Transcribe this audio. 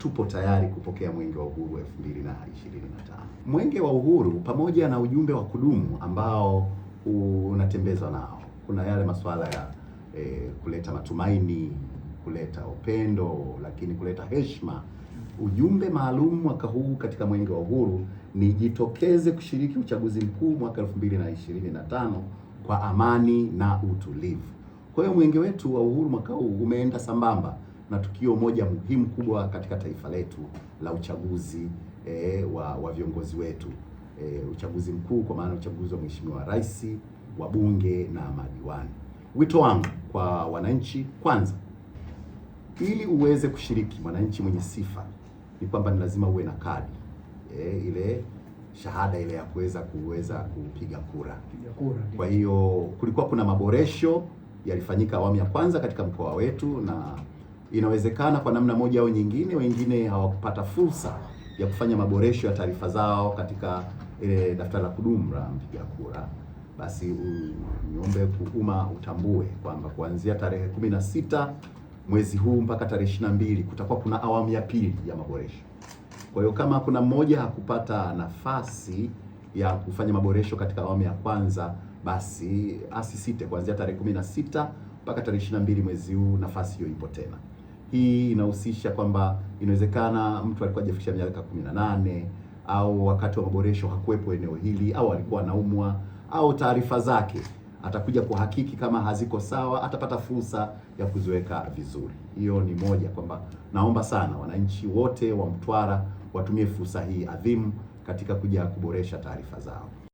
tupo tayari kupokea Mwenge wa Uhuru 2025. Mwenge wa Uhuru pamoja na ujumbe wa kudumu ambao unatembezwa nao, kuna yale masuala ya eh, kuleta matumaini, kuleta upendo, lakini kuleta heshima. Ujumbe maalum mwaka huu katika Mwenge wa Uhuru ni jitokeze kushiriki uchaguzi mkuu mwaka 2025 kwa amani na utulivu. Kwa hiyo mwenge wetu wa uhuru mwaka huu umeenda sambamba na tukio moja muhimu kubwa katika taifa letu la uchaguzi e, wa, wa viongozi wetu e, uchaguzi mkuu kwa maana uchaguzi wa mheshimiwa rais, wa bunge na madiwani. Wito wangu kwa wananchi, kwanza, ili uweze kushiriki, mwananchi mwenye sifa ni kwamba ni lazima uwe na kadi e, ile shahada ile ya kuweza kuweza kupiga kura. Kwa hiyo kulikuwa kuna maboresho yalifanyika awamu ya kwanza katika mkoa wetu na inawezekana kwa namna moja au nyingine, wengine hawakupata fursa ya kufanya maboresho ya taarifa zao katika ile eh, daftari la kudumu la mpiga kura, basi niombe umma utambue kwamba kuanzia tarehe 16 mwezi huu mpaka tarehe 22 kutakuwa kuna awamu ya pili ya maboresho. Kwa hiyo kama kuna mmoja hakupata nafasi ya kufanya maboresho katika awamu ya kwanza, basi asisite kuanzia tarehe 16 mpaka tarehe 22 mwezi huu, nafasi hiyo ipo tena. Hii inahusisha kwamba inawezekana mtu alikuwa hajafikisha miaka 18 au wakati wa maboresho hakuwepo eneo hili, au alikuwa anaumwa, au taarifa zake atakuja kuhakiki kama haziko sawa, atapata fursa ya kuziweka vizuri. Hiyo ni moja, kwamba naomba sana wananchi wote wa Mtwara watumie fursa hii adhimu katika kuja kuboresha taarifa zao.